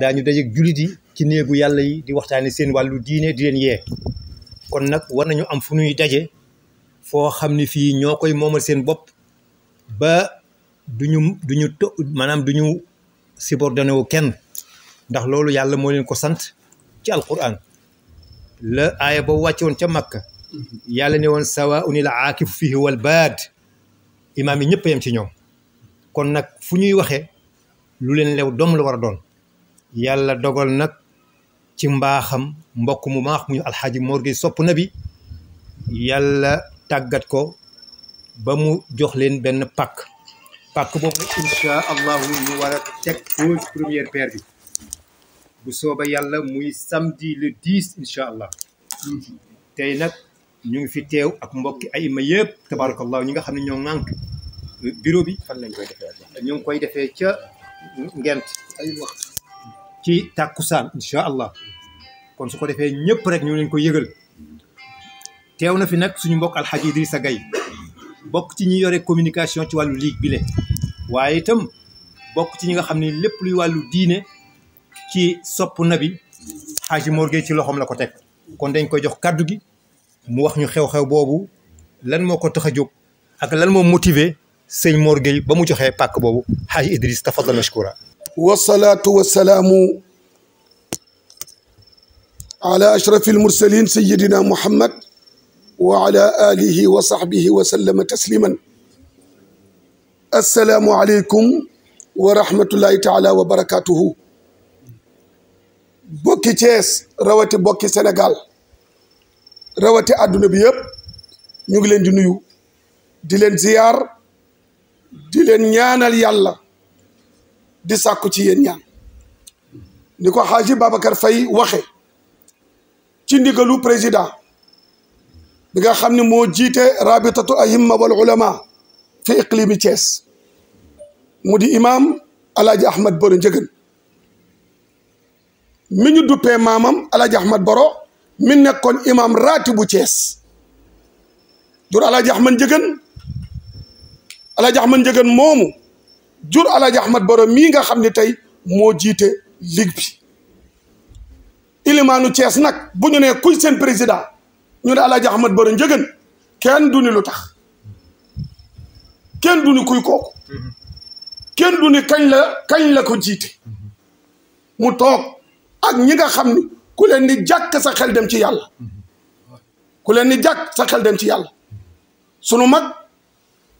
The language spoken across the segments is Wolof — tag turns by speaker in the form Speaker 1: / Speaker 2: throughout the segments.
Speaker 1: daañu dajeeg jullit ci néegu yàlla yi di waxtaane seen wàllu diine di leen yee kon nag war nañu am fu ñuy daje foo xam ni fii ñoo koy moomal seen bopp ba duñu duñu to maanaam duñu subordonné wu kenn ndax loolu yàlla moo leen ko sant ci alquran la aaya ba wàcce woon ca Makka yàlla ne woon sawa unil aakifu fihi wal baad imaam yi ñëpp yem ci ñoom kon nag fu ñuy waxee lu leen lew doom la war a doon yàlla dogal nag ci mbaaxam mbokk mu baax mu ñu alxaaji Mor Gueye sopp na bi yàlla tàggat ko ba mu jox leen benn pàkk pàkk boobu incha allahu ñu war a teg pose première yàlla muy samedi le 10 incha allah tey nag ñu ngi fi teew ak mbokki ay ma yëpp tabarakallah ñi nga xam ne ñoo ŋànk bureau bi fan lañ koy ñu ngi koy defee ca ngent ci tàkkusaan incha allah kon su ko defee ñëpp rek ñu leen ko yëgal teew na fi nag suñu mbokk alxaji Idrissa Gaye bokk ci ñi yore communication ci wàllu ligue bi le waaye itam bokk ci ñi nga xam ni lépp luy wàllu diine ci sopp nabi xaaji morgey ci loxoom la ko teg kon dañ koy jox kàddu gi mu wax ñu xew-xew boobu lan moo ko tax a jóg ak lan moo motiver sëñ morgey ba mu joxee pàkk boobu xaaji Idriss tafadal mashkura
Speaker 2: wasalaatu wasalaamu ala ashrafi almursalin sayidina muhammad wa ala alihi wa sahbihi wa sallama tasliman wa rahmatullahi taala wa barakatuhu bokki Thiès rawati bokki Sénégal rawati àdduna bi yëpp ñu ngi leen di nuyu di leen ziyaar dileen ñaanal yàlla di sàkku ci yéen ñaan ni ko xaaji Babacar Faye waxe ci ndigalu président bi nga xam ne moo jiite rabitatu ahimma wal fi iqlimi Thiès mu di imam alaaji ahmad boro njëgën mi ñu duppee maamam alaaji ahmad boro mi nekkoon imam raati bu Thiès jur alaaji ahmad njëgën alaaji ahmad njëgën moomu jur Alaaji Ahmad Baro mii nga xam ne tey moo jiite ligue bi ilimaanu Thiès nag bu ñu nee kuy seen président ñu ne Alaaji Ahmad Baro njëgën kenn du ni lu tax kenn du ni kuy kooku kenn du ni kañ la kañ la ko jiite mu toog ak ñi nga xam ni ku leen ni jàkk sa xel dem ci yàlla ku leen ni jàkk sa xel dem ci yàlla sunu mag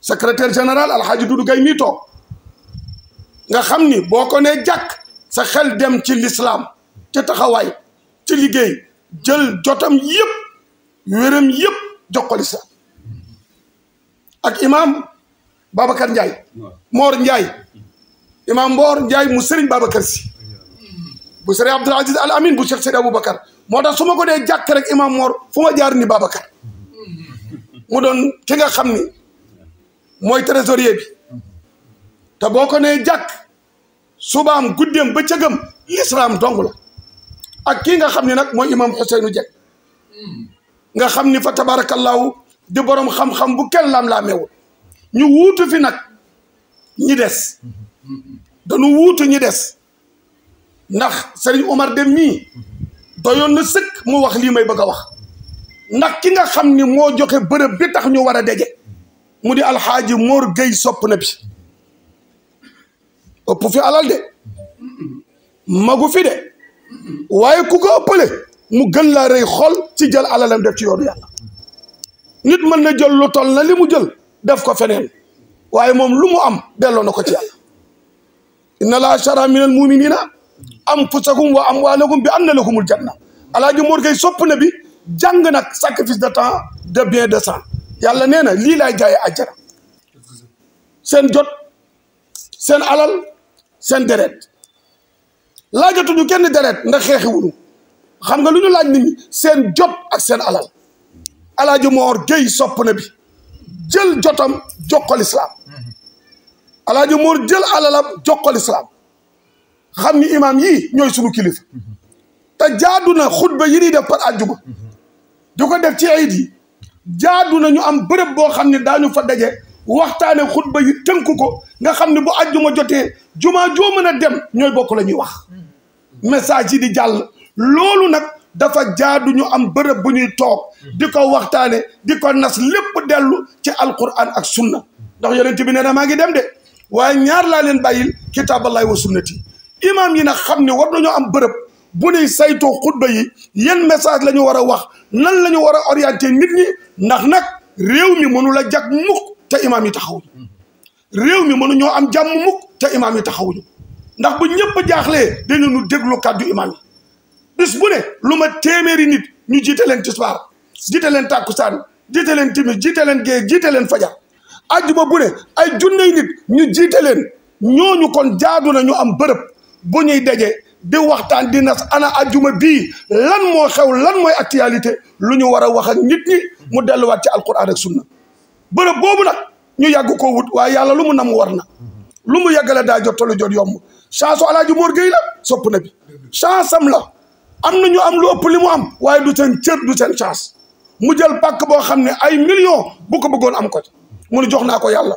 Speaker 2: secrétaire général alxaaji Dudu Gay mii toog nga xam ni boo ko nee jàkk sa xel dem ci lislaam ci taxawaay ci liggéey jël jotam yëpp wéram yëpp jox ko lislaam ak imaam Babacar Ndiaye Moor njaay imaam Moor Ndiaye mu Serigne Babacar si bu Serigne Abdoul Aziz Al Amin bu Cheikh Seydi Aboubacar moo tax su ma ko dee jàkk rek imaam Moor fu ma jaar ni Babacar mu doon ki nga xam ni mooy trésorier bi te boo ko nee jàkk subaam guddeem ba cëgam lislaam dong la ak kii nga xam ni nag mooy imam Ousseynou Dieng nga xam ni fa tabaarakallaahu di borom xam-xam bu kenn lam laamewul ñu wuutu fi nag ñi des danu wuutu ñi des ndax Serigne Omar Dem mii doyoon na sëkk mu wax lii may bëgg a wax ndax ki nga xam ni moo joxe bërëb bi tax ñu war a daje mu di alxaaji Mor Gueye sopp na bi ëpp fi alal de magu fi de waaye ku ko ëppale mu gën laa rëy xol ci jël alalam def ci yoonu yàlla nit mën na jël lu tol na li mu jël def ko feneen waaye moom lu mu am delloo na ko ci yàlla inna laa shara min am muminina anfusakum wa amwalakum bi am anna lakumul na alaaji Mor Gueye sopp na bi jàng nag sacrifice de temps de bien de sang yàlla nee na lii lay jaay àjjana seen jot seen alal seen deret laajatuñu kenn deret ndax xeexiwuñu xam nga lu ñu laaj nit ñi seen jot ak seen alal alaaji Moor Géy sopp na bi jël jotam jox ko lislaam alaaji Moor jël alalam jox ko lislaam xam ni imaam yi ñooy sunu kilifa te jaadu na xutba yi ñuy def par àjjuma di ko def ci ayit yi jaadu na ñu am bërëb boo xam ne daañu fa daje waxtaane xutba yi tënku ko nga xam ne bu àjjuma jotee jumaa joo mën a dem ñooy bokk la ñuy wax message yi di jàll loolu nag dafa jaadu ñu am bërëb bu ñuy toog di ko waxtaane di nas lépp dellu ci alquran ak sunna ndax yonent bi nee na maa ngi dem de waaye ñaar laa leen bàyyil kitaaballahi wa sunnati imaam yi nag xam ne war nañoo am bërëb bu ñuy saytoo xutba yi yan message la ñu war a wax nan la ñu war a orienté nit ñi ndax nag réew mi mënu la jag mukk te imam yi taxaw réew mi mënuñoo am jàmm mukk te imaam yi taxawuñu ndax bu ñëpp a jaaxlee dinañu déglu kàddu imaam yi bis bu ne lu ma téeméeri nit ñu jiite leen tisbaar jiite leen saan jiite leen timis jiite leen géej jiite leen fajar ajjuma bu ne ay junney nit ñu jiite leen ñooñu kon jaadu na ñu am bërëb bu ñuy daje di waxtaan di nas ana ajjuma bii lan moo xew lan mooy actualité lu ñu war a wax ak nit ñi mu delluwaat ci alquran ak sunna bërëb boobu nag ñu yàgg koo wut waaye yàlla lu mu nam war na lu mu yàggale daa jot tolu jot yomb chance alaaji moor Gueye la sopp na bi chance am la am na ñu am lu li mu am waaye du seen cër du seen chance mu jël pàkk boo xam ne ay millions bu ko bëggoon am ko ci mu jox naa ko yàlla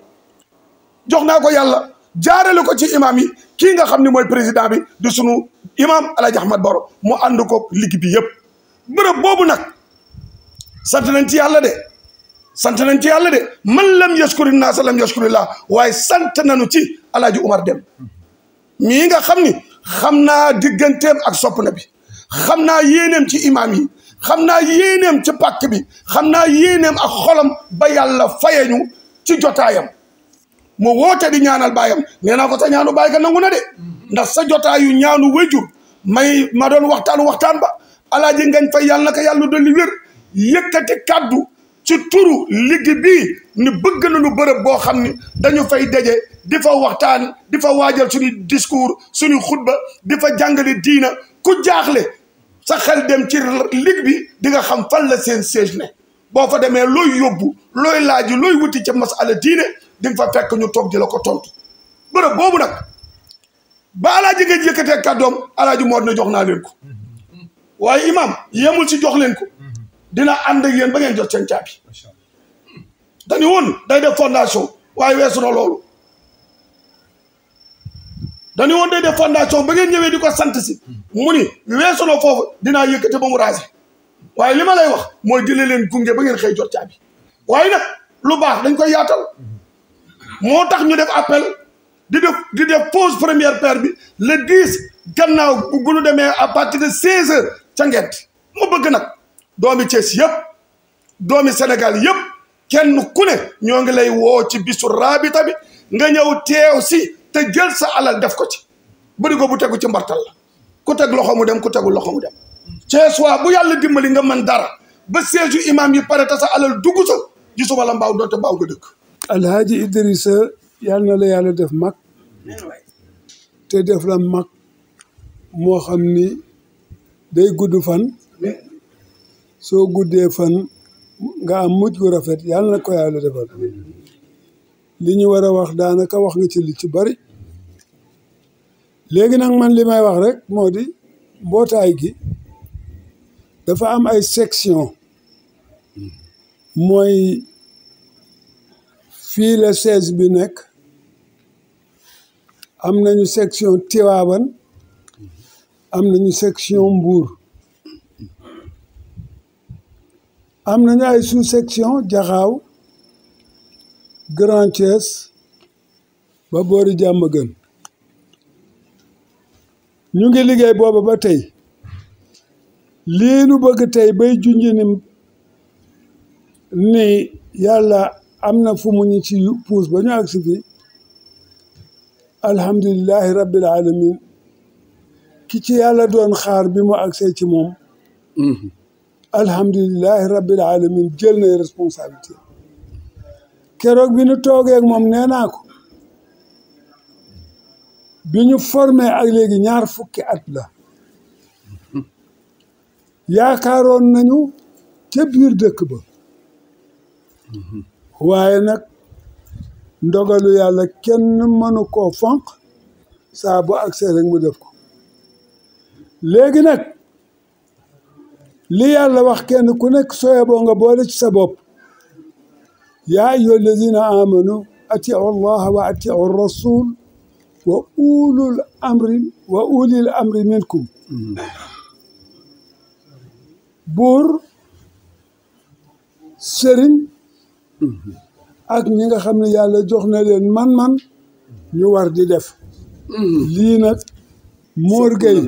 Speaker 2: jox naa ko yàlla jaarale ko ci imam yi kii nga xam ni mooy président bi di sunu imam alaaji Ahmad Baro mu ànd ko liggéey bi yëpp bërëb boobu nag sant nañ ci yàlla de sant nañ ci yàlla de man lam yaskuri naasa lam yaskuri laa waaye sant nañu ci alaaji Umar Dem mii nga xam ni xam naa digganteem ak sopp bi xam naa yéeneem ci imaam yi xam naa yéeneem ci pàkk bi xam naa yéeneem ak xolam ba yàlla fayeñu ci jotaayam mu woote di ñaanal baayam nee naa ko sa ñaanu baay ga nangu na de ndax sa jotaayu ñaanu wéjur may ma doon waxtaanu waxtaan ba alaaji ngañ fay yàlla na ko yàlla dolli wér yëkkati kàddu ci turu ligue bi ni bëgg nañu bërëb boo xam ni dañu fay daje di fa waxtaan di fa waajal suñu discours suñu xutba di fa jàngale diina ku jaaxle sa xel dem ci ligue bi di nga xam fan la seen siège ne boo fa demee looy yóbbu looy laaji looy wuti ca masala diine di nga fa fekk ñu toog di la ko tontu bërëb boobu nag ba alaaji nga yëkkatee kàddoom alaaji moo dina jox naa leen ko mm-hmm. waaye imam yemul si jox leen ko dina ànd ak yéen ba ngeen jot seen caabi dañu woon day def fondation waaye weesu na loolu dañu woon day def fondation ba ngeen ñëwee di ko sant si mu ni weesu foofu dinaa yëkkate ba mu raase waaye li ma lay wax mooy dina leen gunge ba ngeen xëy jot caabi waaye nag lu baax dañ koy yaatal moo tax ñu def appel di def di def pause première pierre bi le dix gannaaw bu ñu demee à partir de seize heures ca ngent ma bëgg nag doomi Thiès yëpp doomi Sénégal yëpp kenn ku ne ñoo ngi lay woo ci bisu raabita bi nga ñëw teew si te jël sa alal def ko ci bëri ko bu tegu ci mbartal la ku teg loxo mu dem ku tegu loxo dem Thiès waa bu yàlla dimbali nga mën dara ba siège u imaam
Speaker 3: yi pare te sa alal dugg sa gisuma la mbaaw doonte mbaaw nga dëkk alhaaji Idrissa yàlla na la yàlla def mag te def la mag moo xam ni day gudd fan soo guddee fan nga am mujj gu rafet yàlla na ko yàlla defal li ñu war a wax daanaka wax nga ci li ci bari léegi nag man li may wax rek moo di mbootaay gi dafa am ay section mooy fii la seize bi nekk am nañu section tiwaaban am nañu section Mbuur am nañu ay sous-section jaxaaw Grand Thiès ba boori jàmm ñu ngi liggéey booba ba tey lii nu bëgg tey bay junj ni ni yàlla am na fu mu ñu ci puus ba ñu agsi fi alhamdulilahi alamin ki ci yàlla doon xaar bi mu agsee ci moom mm-hmm. alhamdulilahi rabbil alamin jël na responsabilité keroog bi ñu toogee moom nee naa ko bi ñu formé ak léegi ñaar fukki at la yaakaaroon nañu ca biir dëkk ba waaye nag ndogalu yàlla kenn mënu koo fonk saa bu accès rek mu def ko léegi nag li yàlla wax kenn ku nekk sooye boo nga boole ci sa bopp yaa ayyuha alladina amanu atiu llaha wa atiu rasul wa ulul amri wa ulil amri minkum buur sëriñ ak ñi nga xam ne yàlla jox na leen man-man ñu war di def mm-hmm. lii nag Mor Gueye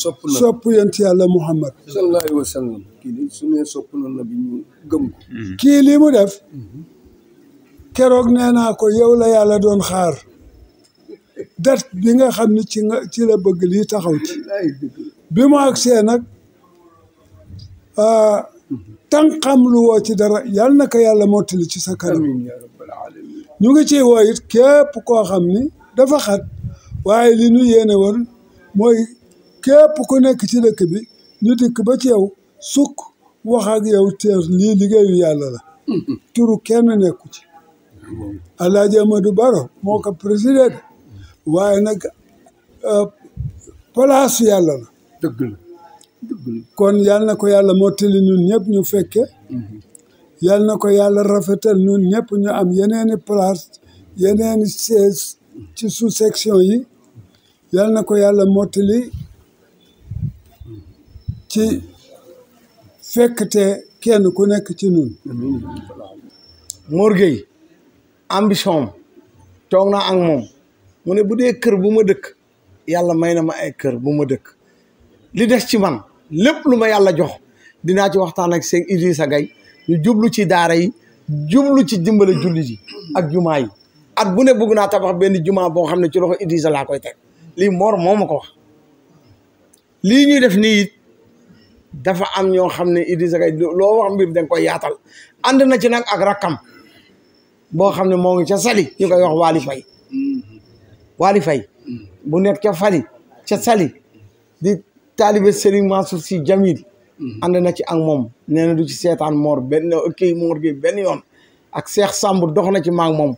Speaker 3: sopp na sopp yonent yàlla Muhammad
Speaker 4: sallallahu alayhi wa sallam kii li su ne sopp na na bi ñu
Speaker 3: mhm. mu def keroog nee naa ko yow la yàlla doon xaar dat bi nga xam ne ci nga ci la bëgg lii taxaw ci bi mu agsee nag ah, tànqam lu woo ci dara yal na ko yàlla mottali ci sa kanam ñu ngi ci woo it képp koo xam ni dafa xat waaye li ñu yéene woon mooy képp ku nekk ci dëkk bi ñu dikk ba ci yow suk wax ak yow teer lii liggéeyu yàlla la turu kenn nekku ci Alaaji Amadou Baro moo ko président waaye nag euh, place yàlla la kon yàlla na ko yàlla mottali ñun ñëpp ñu fekke yàlla na ko yàlla rafetel ñun ñëpp ñu am yeneeni place yeneeni ci sous-section yi yàlla na ko yàlla mottali ci fekktee kenn ku nekk ci nun Mor Gueye ambition am
Speaker 5: toog naa ak moom ne bu dee kër bu ma dëkk yàlla may na ma ay kër bu ma dëkk li def ci man lépp lu ma yàlla jox dinaa ci waxtaan ak seen Idrissa Gueye ñu jublu ci daara yi jublu ci dimbale julli yi ak jumaa yi at bu ne bëgg naa tabax benn jumaa boo xam ne ci loxo Idrissa laa koy teg lii Mor moo ma ko wax lii ñuy def nii dafa am ñoo xam ne Idrissa Gay loo wax mbir danga koy yaatal ànd na ci nag ak rakkam boo xam ne moo ngi ca sali ñu koy wax Waly Faye mm-hmm. Waly Faye mm-hmm. bu nekk ca fali ca sali di taalibe Serigne Mansour Sy Djamil
Speaker 4: mm-hmm.
Speaker 5: ànd na ci ak moom nee na du ci seetaan moor benn kii moor gi benn yoon ak Cheikh Samb dox na ci maak moom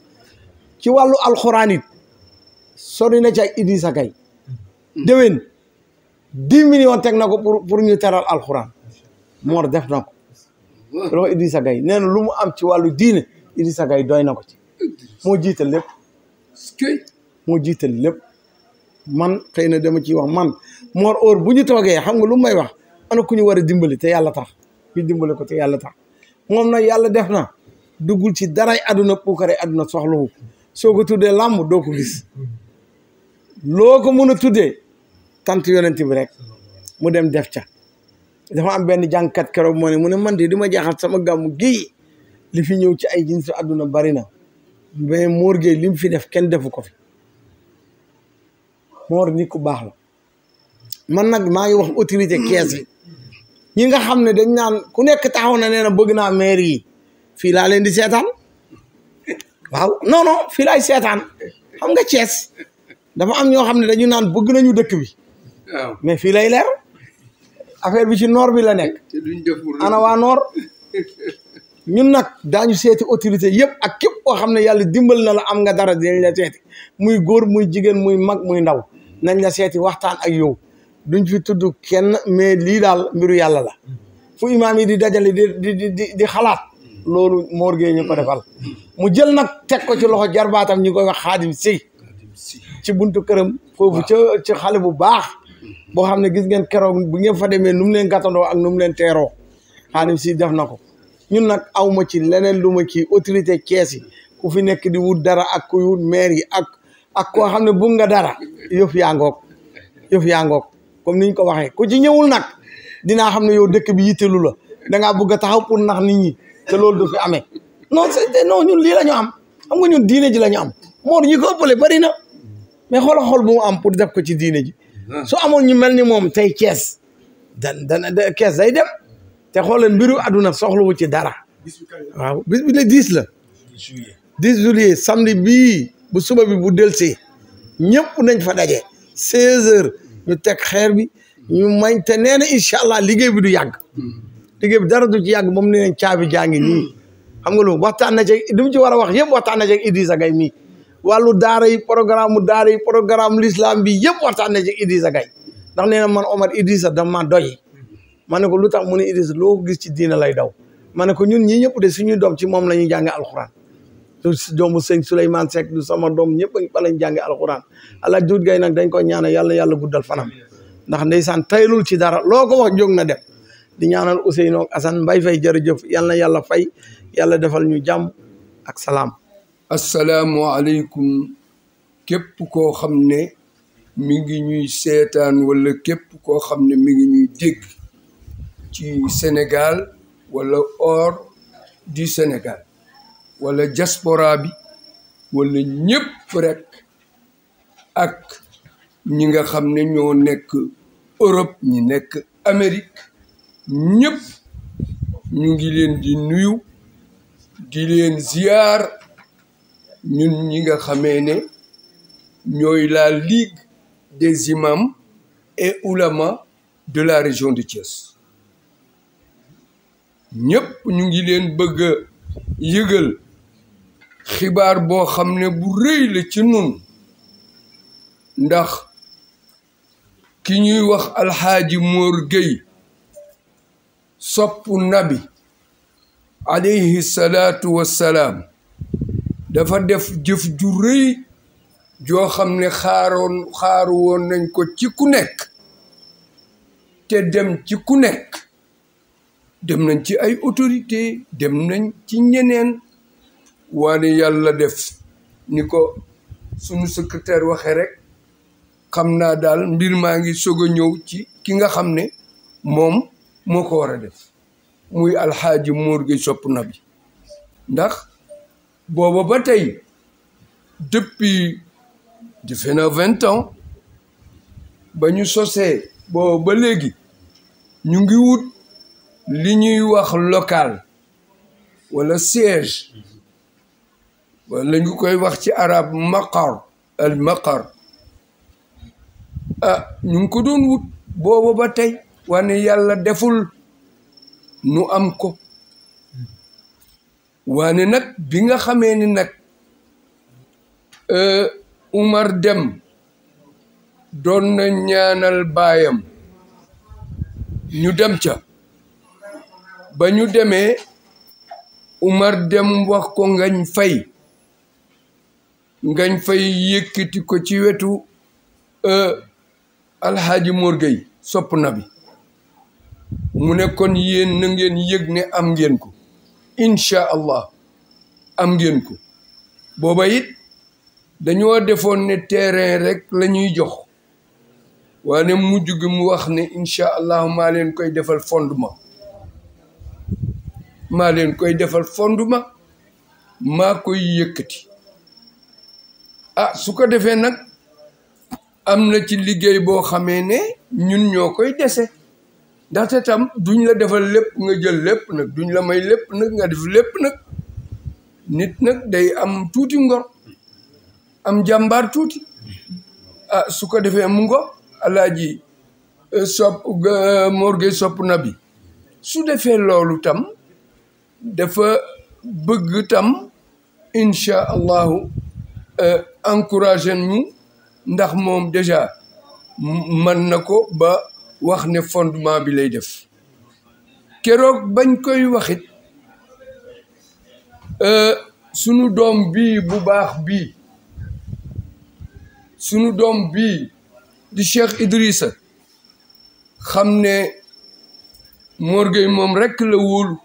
Speaker 5: ci wàllu alxuraan it sori na ci ak Idrissa Gay déwén dix millions teg na ko pour pour ñu teral alxuraan Mor def na ko loolu Idrissa Gueye nee na lu mu am ci wàllu diine Idrissa Gueye doy na ko ci moo jiital lépp moo jiital lépp man xëy na dama ci wax man Mor heure bu ñu toogee xam nga lu may wax ana ku ñu war a dimbali te yàlla tax ñu dimbali ko te yàlla tax moom nag yàlla def na duggul ci daray àdduna puukare àdduna soxlawu soo ko tuddee làmb doo ko gis loo ko mën tuddee tant yonent bi rek mu dem def ca dafa am benn jàngkat keroog moo ne mu ne man de di ma jaaxal sama gàmmu gi li fi ñëw ci ay jinsi àdduna bari na mais Mor Gueye li fi def kenn defu ko fi Mor nit ku baax la man nag maa ngi wax autorité kees yi ñi nga xam ne dañ naan ku nekk taxaw na nee na bëgg naa maire yi fii laa leen di seetaan waaw non non fii laay seetaan xam nga cees dafa am ñoo xam ne dañu naan bëgg nañu dëkk bi waaw mais fii lay leer affaire bi ci noor bi la nekk. ana waa noor. ñun nag daañu seeti autorité yëpp ak képp koo xam ne yàlla dimbal na la am nga dara dinañ la seeti muy góor muy jigéen muy mag muy ndaw nañ la seeti waxtaan ak yow duñ fi tudd kenn mais lii daal mbiru yàlla la fu imaam yi di dajale di di di xalaat loolu Mor Gueye ñu ko defal mu jël nag teg ko ci loxo jarbaatam ñu koy wax xaadim si ci buntu këram foofu ca ci xale bu baax boo xam ne gis ngeen keroog bu ngeen fa demee nu mu leen gàttandoo ak nu mu leen teeroo xaadim si def na ko ñun nag aw ma ci leneen lu ma ci autorité kees yi ku fi nekk di wut dara ak kuy wut maire yi ak ak koo xam ne bu nga dara yëf yaa ngoog yëf comme niñ ko waxee ku ci ñëwul nag dinaa xam ne yow dëkk bi yittelu la dangaa bëgg taxaw pour nax nit ñi te loolu du fi amee non c'est non ñun lii la ñu am xam nga ñun diine ji la ñu am moor ñi ko ëppale bari na mais xoola xool bu am pour def ko ci diine ji su amoon ñu mel ni moom tey kees dan dana kees day dem te xooleen mbiru àdduna soxlawu ci dara waaw bis bi le dix la dix juillet samedi bi bu suba bi bu delsi ñëpp nañ fa daje seize heures ñu teg xeer bi ñu mañ te nee na incha allah liggéey bi du yàgg liggéey bi dara du ci yàgg moom nee nañ caabi jaa ngi nii hmm. xam nga loolu waxtaan na ci li mu ci war a wax yëpp waxtaan na ci Idrissa Gay mii wàllu daara yi programme mu daara yi programme l'islam bi yëpp waxtaan na ci Idrissa Gay ndax ne na man Omar Idrissa dama ma doy ma ne ko lu tax mu ne Idrissa loo gis ci diina lay daw ma ne ko ñun ñi ñëpp de suñuy doom ci moom la ñuy jànge alxuraan su doomu sëñ Souleymane Seck du sama doom ñëpp a balañ jànge alxuraan alaaj duut gay nag dañ ko ñaanal yàlla yàlla guddal fanam ndax ndeysaan taylul ci dara loo ko wax jóg na dem di ñaanal Ousseynou ak Assane mbay Faye jërëjëf yal
Speaker 4: na fay yàlla defal ñu jàmm ak salaam asalaamualeykum képp koo xam ne mi ngi ñuy seetaan wala képp koo xam ne mi ngi ñuy dégg ci Sénégal wala or du Sénégal wala jaspora bi wala ñépp rek ak ñi nga xam ne ñoo nekk Europe ñi nekk Amérique ñépp ñu ngi leen di nuyu di leen ziyaar ñun ñi nga xamee ne ñooy la ligue des imams et oulémas de la région de Thiès ñëpp ñu ngi leen bëgg a yëgal xibaar boo xam ne bu rëy la ci nun ndax ki ñuy wax alxaaji Mor Gueye soppu nabi alayhi salaatu wassalaam dafa def jëf ju rëy joo xam ne xaaroon woon nañ ko ci ku nekk te dem ci ku nekk dem nañ ci ay autorité dem nañ ci ñeneen waane yàlla def ni ko sumu secrétaire waxe rek xam naa daal mbir maa ngi soog a ñëw ci ki nga xam ne moom moo ko wara def muy alxaaji Mor gi sopp na bi ndax booba ba tey depuis defe na vingt ba ñu sosee booba ba léegi ñu ngi wut li ñuy wax local wala siège wala ñu koy wax ci arab maqar al maqar a ah, ñu ngi ko doon wut booba ba tey wane yàlla deful nu am ko waane nag bi nga xamee ni nag euh, Umar dem doon na ñaanal baayam ñu dem ca ba ñu demee Umar dem wax ko ngañ fay ngañ fay yëkkati ko ci wetu euh, alxaaji morgay sopp na bi mu ne kon yéen na ngeen yëg ne am ngeen ko incha allah am ngeen ko booba it dañoo defoon ne terrain rek la ñuy jox waane mujj gi mu wax ne incha allah maa leen koy defal fondement maa koy defal fondement maa koy yëkkati ah su ko defee nag am na ci liggéey boo xamee ne ñun ñoo koy dese ndaxte tam duñ la defal lépp nga jël lépp nag duñ la may lépp nag nga def lépp nag nit nag day am tuuti ngor am jàmbaar tuuti ah su ko defee mu ngo alaaji euh, sopp morgue sopp na bi su defee loolu tam dafa bëgg tam incha allahu euh, encouragé ñu ndax moom déjà mën na ko ba wax ne fondement bi lay def keroog bañ koy waxit euh, sunu doom bii bu baax bii sunu doom bi di Cheikh idrisa xam ne Mor moom rek la woolu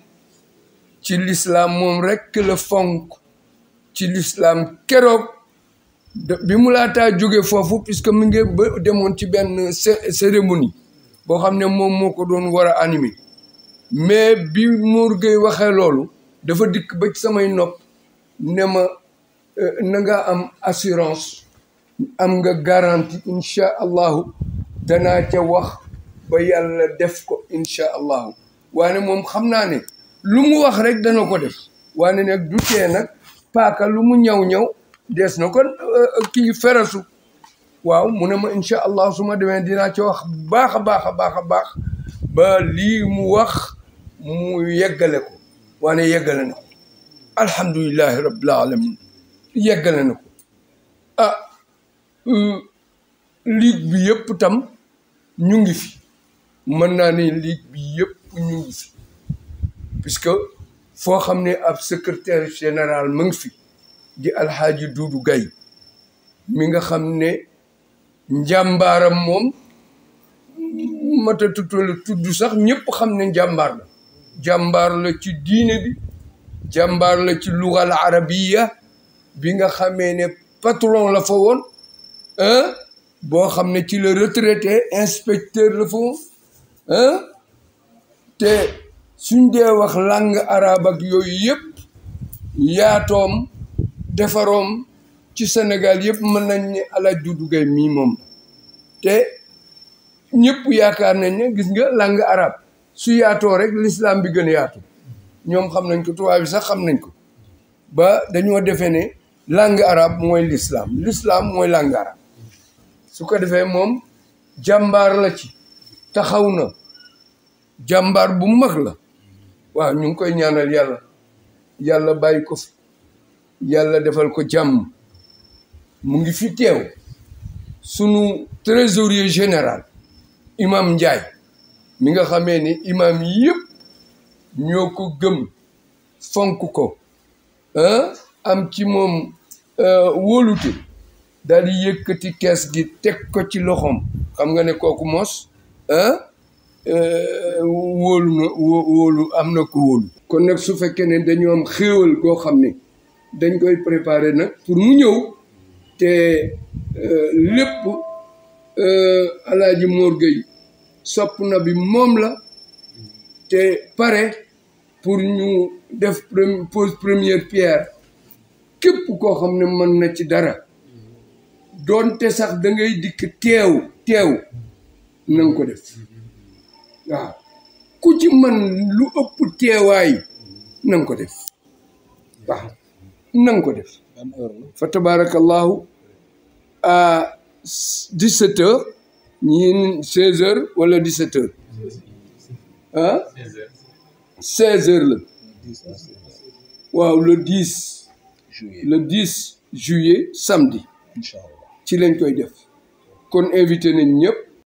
Speaker 4: ci lislaam moom rekk la fonk ci lislaam keroog bi mu laataa jóge foofu puisque mu ngi demoon ci benn cérémonie boo xam ne moom moo ko doon war a animé mais bi Mour Gueye waxee loolu dafa dikk ba samay nopp ne ma euh, na nga am assurance am nga garantie incha allahu danaa ca wax ba yàlla def ko incha allahu waane moom xam naa ne lu mu wax rek dana ko def waane nag du tee nag paaka lu mu ñaw ñaw des na ko euh, kii ferasu waaw mu ne ma incha allah su ma demee dinaa ci wax baax a baax a baax a baax ba lii mu wax mu yeggale ko waane yeggale na ko alhamdulilahi rabbil alamin yeggale na ko ah euh, ligue bi yëpp tam ñu ngi fi mën naa ne ligue bi ñu ngi fi puisque foo xam ne ab secrétaire général mu fi di alxaaji Duudu Gay mi nga xam ne njàmbaaram moom mata tutala sax ñépp xam ne njàmbaar la jàmbaar la ci diine bi jàmbaar la ci lugal arabiya bi nga xamee ne patron la fa woon boo xam ne ci la retraité inspecteur la fa woon te suñ dee wax lang arabe ak yooyu yëpp yaatoom defaroom ci Sénégal yëpp mën nañ ne alaaj Doudou Gueye mii moom te ñëpp yaakaar nañ ne gis nga langue arabe su yaatoo rek l'islam bi gën a yaatu ñoom xam nañ ko tubaab bi sax xam nañ ko ba dañoo defe ne langue arabe mooy l'islam l'islam mooy langue arabe su ko defee moom jàmbaar la ci taxaw na jàmbaar bu mag la waaw ñu ngi koy ñaanal yàlla yàlla bàyyi ko fi yàlla defal ko jàmm mu ngi fi teew sunu trésorier général imam Ndiaye mi nga xamee ni imam yëpp ñoo ko gëm fonk ko am ci moom euh, wóolute daal di yëkkati kees gi teg ko ci loxoom xam nga ne kooku mos euh, wóolu na wóolu am na ko wóolu kon nag su fekkee ne dañu am xéewal goo xam ne dañ koy préparer nag pour mu ñëw te euh, lépp euh, alaaji Mor Gueye sopp na bi moom la te pare pour ñu def pose première pierre képp koo xam ne mën na ci dara doonte sax da ngay dikk teew teew na ko def waaw ku ci mën lu ëpp teewaay na ko def waaw na ko def fa tabarakallahu à 17 heures ñii wala 17 heures ah 16 la waaw le 10 le 10 juillet samedi ci lañ koy def kon invité nañ ñëpp